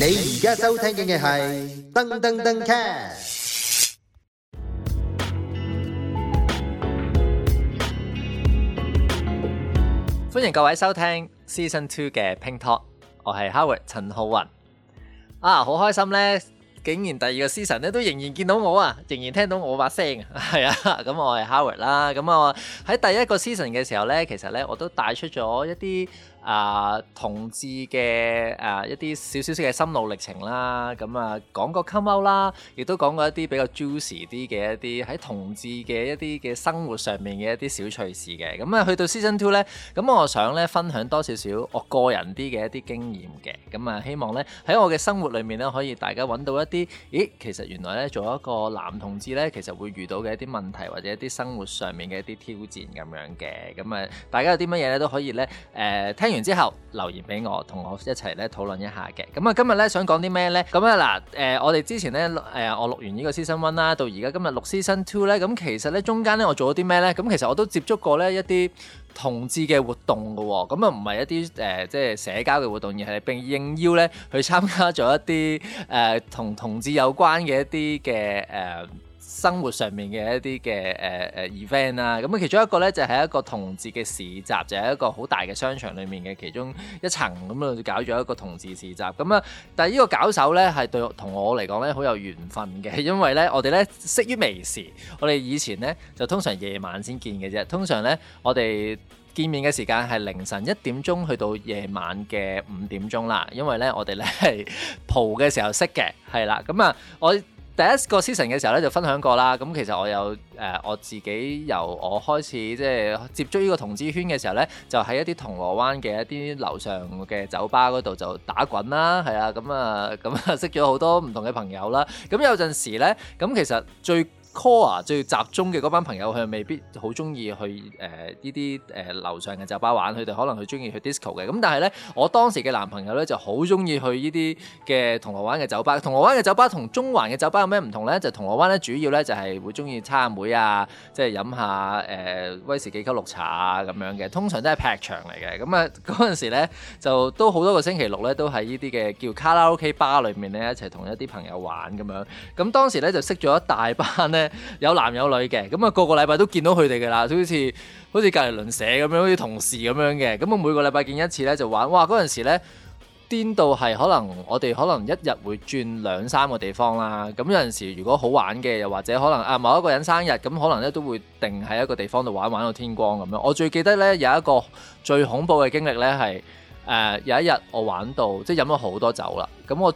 你而家收聽嘅係噔噔噔 cast，歡迎各位收聽 season two 嘅 Ping Talk，我係 Howard 陳浩雲啊，好開心呢，竟然第二個 season 呢都仍然見到我啊，仍然聽到我把聲，係啊，咁我係 Howard 啦，咁啊喺第一個 season 嘅時候呢，其實咧我都帶出咗一啲。啊，同志嘅誒、啊、一啲少少嘅心路歷程啦，咁啊講過 come out 啦，亦都講過一啲比較 juicy 啲嘅一啲喺同志嘅一啲嘅生活上面嘅一啲小趣事嘅。咁啊去到 Season Two 咧，咁、啊、我想咧分享多少少我個人啲嘅一啲經驗嘅。咁啊希望咧喺我嘅生活裏面咧可以大家揾到一啲，咦其實原來咧做一個男同志咧其實會遇到嘅一啲問題或者一啲生活上面嘅一啲挑戰咁樣嘅。咁啊大家有啲乜嘢咧都可以咧誒、呃、聽完。然之後留言俾我，同我一齊咧討論一下嘅。咁啊，今日咧想講啲咩咧？咁啊嗱，誒、呃、我哋之前咧誒、呃、我錄完呢個 season one 啦，到而家今日錄 season two 咧，咁其實咧中間咧我做咗啲咩咧？咁其實我都接觸過咧一啲同志嘅活動嘅喎、哦，咁啊唔係一啲誒、呃、即係社交嘅活動，而係並應邀咧去參加咗一啲誒、呃、同同志有關嘅一啲嘅誒、呃生活上面嘅一啲嘅誒誒 event 啦、啊，咁啊其中一個咧就係、是、一個同志嘅市集，就喺、是、一個好大嘅商場裡面嘅其中一層，咁啊、嗯、搞咗一個同志市集。咁、嗯、啊，但係呢個搞手咧係對同我嚟講咧好有緣分嘅，因為咧我哋咧識於微時，我哋以前咧就通常夜晚先見嘅啫。通常咧我哋見面嘅時間係凌晨一點鐘去到夜晚嘅五點鐘啦，因為咧我哋咧係蒲嘅時候識嘅，係啦。咁、嗯、啊、嗯，我。第一個 season 嘅時候咧，就分享過啦。咁其實我有誒，我自己由我開始即係接觸呢個同志圈嘅時、嗯嗯嗯嗯、時候呢，就喺一啲銅鑼灣嘅一啲樓上嘅酒吧嗰度就打滾啦，係啊，咁啊，咁啊，識咗好多唔同嘅朋友啦。咁有陣時呢，咁其實最 Core 最集中嘅嗰班朋友，佢未必好中意去誒呢啲誒樓上嘅酒吧玩，佢哋可能佢中意去 Disco 嘅。咁但係咧，我當時嘅男朋友咧就好中意去呢啲嘅銅鑼灣嘅酒吧。銅鑼灣嘅酒吧同中環嘅酒吧有咩唔同咧？就銅鑼灣咧主要咧就係、是、會中意餐會啊，即係飲下誒、呃、威士忌溝綠茶啊咁樣嘅。通常都係劈場嚟嘅。咁啊陣時時咧就都好多個星期六咧都喺呢啲嘅叫卡拉 OK 吧裏面咧一齊同一啲朋友玩咁樣。咁當時咧就識咗一大班咧。有男有女嘅，咁啊個個禮拜都見到佢哋㗎喇，就好似好似隔籬鄰舍咁樣，好似同事咁樣嘅。咁我每個禮拜見一次咧，就玩。哇，嗰陣時咧癲到係可能我哋可能一日會轉兩三個地方啦。咁有陣時如果好玩嘅，又或者可能啊某一個人生日，咁可能咧都會定喺一個地方度玩玩到天光咁樣。我最記得咧有一個最恐怖嘅經歷咧係誒有一日我玩到即係飲咗好多酒啦，咁我。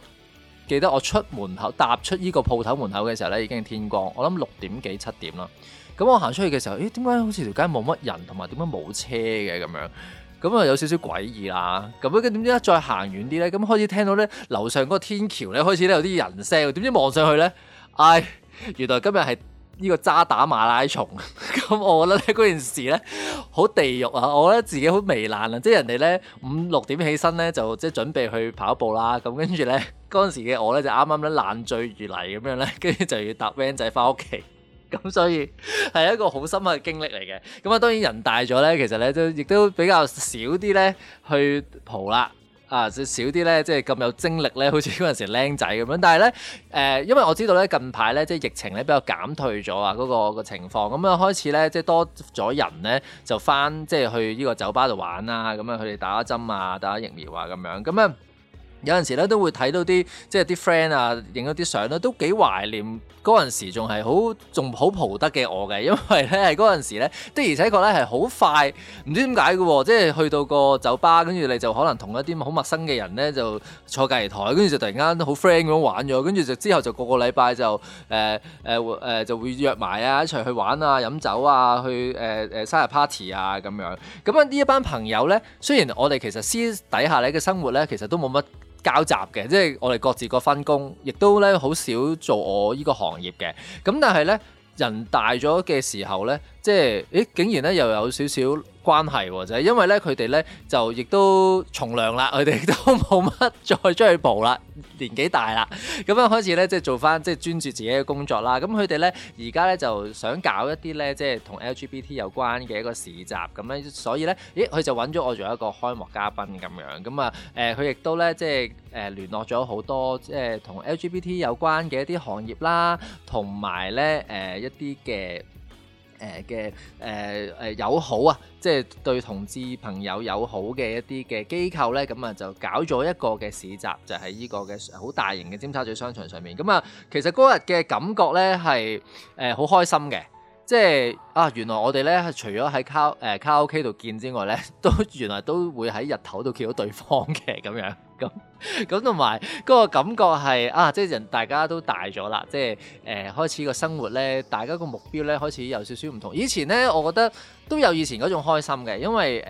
記得我出門口，踏出依個鋪頭門口嘅時候咧，已經係天光。我諗六點幾七點啦。咁我行出去嘅時候，咦？點解好似條街冇乜人，同埋點解冇車嘅咁樣？咁啊有少少詭異啦。咁樣知點知再行遠啲咧，咁開始聽到咧樓上嗰個天橋咧開始咧有啲人聲。點知望上去咧，唉，原來今日係呢個渣打馬拉松。咁 我覺得咧嗰件事咧好地獄啊！我咧自己好糜爛啊！即係人哋咧五六點起身咧就即係準備去跑步啦。咁跟住咧。嗰陣時嘅我咧就啱啱咧爛醉如泥咁樣咧，跟住就要搭 van 仔翻屋企，咁所以係一個好深刻嘅經歷嚟嘅。咁啊，當然人大咗咧，其實咧都亦都比較少啲咧去蒲啦，啊少啲咧即係咁有精力咧，好似嗰陣時僆仔咁樣。但係咧誒，因為我知道咧近排咧即係疫情咧比較減退咗啊，嗰個嗰個情況咁啊開始咧即係多咗人咧就翻即係去呢個酒吧度玩啦，咁啊佢哋打針啊、打疫苗啊咁樣咁啊。有陣時咧都會睇到啲即係啲 friend 啊，影咗啲相咧都幾懷念嗰陣時，仲係好仲好蒲得嘅我嘅，因為咧係嗰陣時咧的而且確咧係好快，唔知點解嘅喎，即係去到個酒吧，跟住你就可能同一啲好陌生嘅人咧就坐隔籬枱，跟住就突然間好 friend 咁玩咗，跟住就之後就個個禮拜就誒誒誒就會約埋啊一齊去玩啊飲酒啊去誒誒、呃、生日 party 啊咁樣。咁啊呢一班朋友咧，雖然我哋其實私底下你嘅生活咧其實都冇乜。交集嘅，即係我哋各自各分工，亦都咧好少做我呢個行業嘅。咁但係咧，人大咗嘅時候咧。即係，咦，竟然咧又有少少關係喎？就係因為咧，佢哋咧就亦都從良啦，佢哋都冇乜再出去蒲啦，年紀大啦，咁啊，開始咧即係做翻即係專注自己嘅工作啦。咁佢哋咧而家咧就想搞一啲咧即係同 LGBT 有關嘅一個市集，咁咧所以咧，咦，佢就揾咗我做一個開幕嘉賓咁樣。咁啊，誒，佢亦都咧即係誒聯絡咗好多即係同 LGBT 有關嘅一啲行業啦，同埋咧誒一啲嘅。誒嘅誒誒友好啊，即係對同志朋友友好嘅一啲嘅機構咧，咁、嗯、啊就搞咗一個嘅市集，就喺、是、呢個嘅好大型嘅尖沙咀商場上面。咁、嗯、啊，其實嗰日嘅感覺咧係誒好開心嘅，即係啊原來我哋咧除咗喺卡誒、呃、卡拉 OK 度見之外咧，都原來都會喺日頭度見到對方嘅咁樣。咁同埋嗰個感覺係啊，即係人大家都大咗啦，即係誒、呃、開始個生活咧，大家個目標咧開始有少少唔同。以前咧，我覺得都有以前嗰種開心嘅，因為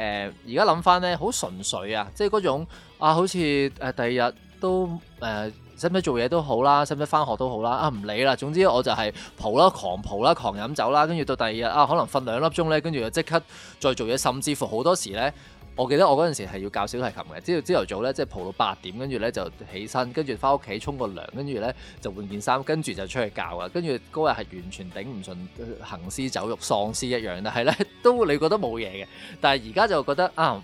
誒而家諗翻咧好純粹啊，即係嗰種啊，好似誒第二日都誒使唔使做嘢都好啦，使唔使翻學都好啦，啊唔理啦，總之我就係蒲啦，狂蒲啦，狂飲酒啦，跟住到第二日啊，可能瞓兩粒鐘咧，跟住就即刻再做嘢，甚至乎好多時咧。我記得我嗰陣時係要教小提琴嘅，朝頭早咧即係蒲到八點，跟住咧就起身，跟住翻屋企沖個涼，跟住咧就換件衫，跟住就出去教嘅，跟住嗰日係完全頂唔順，行屍走肉、喪屍一樣，但係咧都你覺得冇嘢嘅，但係而家就覺得啱。啊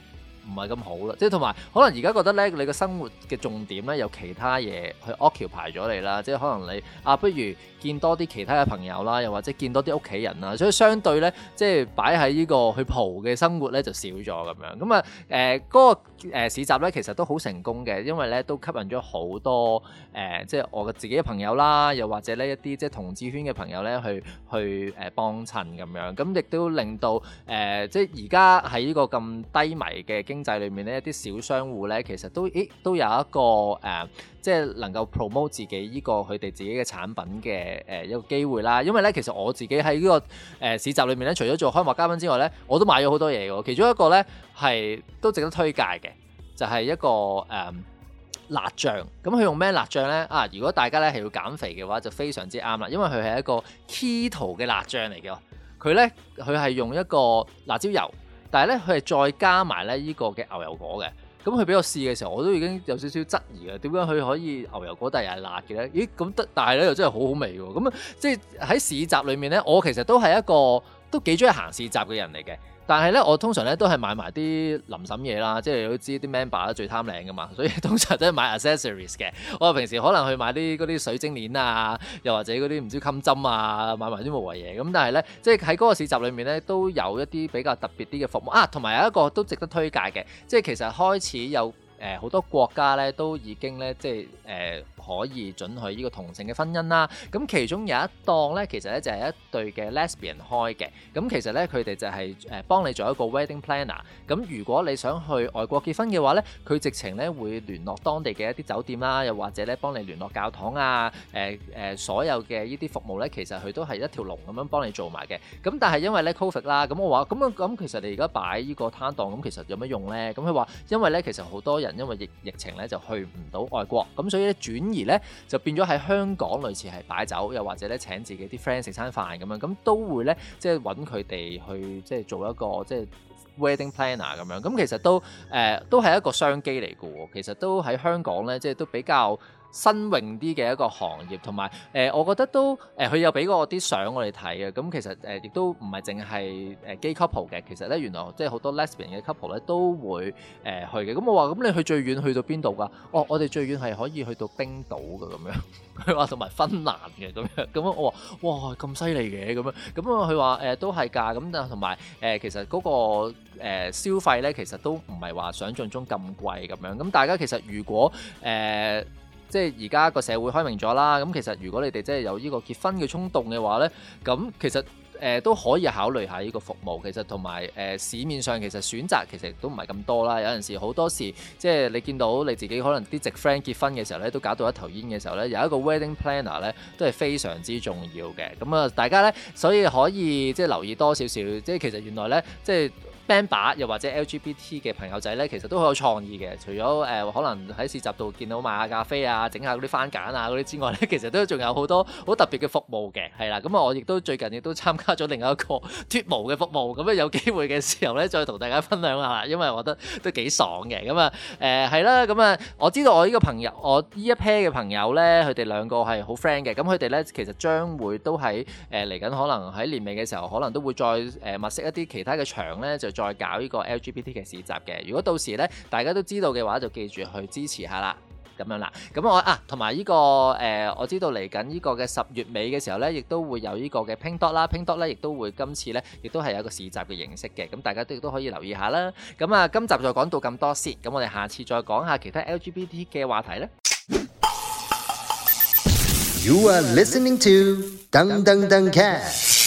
唔係咁好啦，即係同埋可能而家覺得咧，你個生活嘅重點咧有其他嘢去 occupy 咗你啦，即係可能你啊，不如見多啲其他嘅朋友啦，又或者見多啲屋企人啦，所以相對咧，即係擺喺呢個去蒲嘅生活咧就少咗咁樣，咁啊誒嗰個。誒市集咧其實都好成功嘅，因為咧都吸引咗好多誒、呃，即係我嘅自己嘅朋友啦，又或者呢一啲即係同志圈嘅朋友咧去去誒幫襯咁樣，咁、嗯、亦都令到誒、呃、即係而家喺呢個咁低迷嘅經濟裏面呢，一啲小商戶咧其實都咦，都有一個誒。呃即係能夠 promote 自己呢個佢哋自己嘅產品嘅誒一個機會啦，因為咧其實我自己喺呢個誒市集裏面咧，除咗做開幕嘉賓之外咧，我都買咗好多嘢嘅，其中一個咧係都值得推介嘅，就係、是、一個誒、嗯、辣醬。咁、嗯、佢用咩辣醬咧？啊，如果大家咧係要減肥嘅話，就非常之啱啦，因為佢係一個 keto 嘅辣醬嚟嘅。佢咧佢係用一個辣椒油，但係咧佢係再加埋咧呢個嘅牛油果嘅。咁佢俾我試嘅時候，我都已經有少少質疑嘞，點樣佢可以牛油果但係又辣嘅咧？咦，咁得，但係咧又真係好好味喎。咁啊，即係喺市集裏面咧，我其實都係一個都幾中意行市集嘅人嚟嘅。但係咧，我通常咧都係買埋啲臨審嘢啦，即係你都知啲 member 最貪靚㗎嘛，所以通常都係買 accessories 嘅。我平時可能去買啲啲水晶鏈啊，又或者嗰啲唔知襟針啊，買埋啲無謂嘢。咁但係咧，即係喺嗰個市集裏面咧，都有一啲比較特別啲嘅服務啊，同埋有一個都值得推介嘅，即係其實開始有誒好、呃、多國家咧都已經咧即係誒。呃可以准許呢個同性嘅婚姻啦，咁其中有一檔咧，其實咧就係一對嘅 lesbian 開嘅，咁其實咧佢哋就係誒幫你做一個 wedding planner，咁如果你想去外國結婚嘅話咧，佢直情咧會聯絡當地嘅一啲酒店啦，又或者咧幫你聯絡教堂啊，誒誒所有嘅呢啲服務咧，其實佢都係一條龍咁樣幫你做埋嘅。咁但係因為咧 COVID 啦，咁我話咁啊咁，其實你而家擺呢個攤檔，咁其實有咩用咧？咁佢話因為咧其實好多人因為疫疫情咧就去唔到外國，咁所以轉而而咧就變咗喺香港類似係擺酒，又或者咧請自己啲 friend 食餐飯咁樣，咁都會咧即係揾佢哋去即係做一個即係 wedding planner 咁樣，咁其實都誒、呃、都係一個商機嚟嘅喎，其實都喺香港咧即係都比較新穎啲嘅一個行業，同埋誒，我覺得都誒，佢、呃、有俾過啲相我哋睇嘅。咁其實誒，亦都唔係淨係誒基 couple 嘅。其實咧、呃，原來即係好多 lesbian 嘅 couple 咧都會誒、呃、去嘅。咁我話，咁你去最遠去到邊度㗎？哦，我哋最遠係可以去到冰島嘅咁樣。佢話，同埋芬蘭嘅咁樣。咁樣我話，哇，咁犀利嘅咁樣。咁啊，佢話誒都係㗎。咁但係同埋誒，其實嗰、那個、呃、消費咧，其實都唔係話想像中咁貴咁樣。咁、呃、大家其實如果誒，呃呃呃呃呃呃即係而家個社會開明咗啦，咁其實如果你哋真係有呢個結婚嘅衝動嘅話呢，咁其實。誒都可以考慮下呢個服務，其實同埋誒市面上其實選擇其實都唔係咁多啦。有陣時好多時即係你見到你自己可能啲直 friend 結婚嘅時候咧，都搞到一頭煙嘅時候咧，有一個 wedding planner 咧都係非常之重要嘅。咁、嗯、啊，大家咧所以可以即係留意多少少，即係其實原來咧即係 band 把又或者 LGBT 嘅朋友仔咧，其實都好有創意嘅。除咗誒、呃、可能喺市集度見到賣下咖啡啊、整下嗰啲番梘啊嗰啲之外咧，其實都仲有好多好特別嘅服務嘅，係啦。咁、嗯、啊，我亦都最近亦都參加咗另一個脫毛嘅服務，咁啊有機會嘅時候咧，再同大家分享下，因為我覺得都幾爽嘅。咁啊誒係啦，咁、呃、啊我知道我呢個朋友，我呢一 pair 嘅朋友咧，佢哋兩個係好 friend 嘅。咁佢哋咧其實將會都喺誒嚟緊，呃、可能喺年尾嘅時候，可能都會再誒物、呃、色一啲其他嘅場咧，就再搞呢個 LGBT 嘅市集嘅。如果到時咧大家都知道嘅話，就記住去支持下啦。咁樣啦，咁我啊同埋依個誒，我知道嚟緊依個嘅十月尾嘅時候咧，亦都會有依個嘅 Pink Dot 啦，Pink Dot 咧亦都會今次咧，亦都係有個市集嘅形式嘅，咁大家都亦都可以留意下啦。咁啊，今集就講到咁多先，咁我哋下次再講下其他 LGBT 嘅話題啦。You are listening to Dun Dun Dun Cat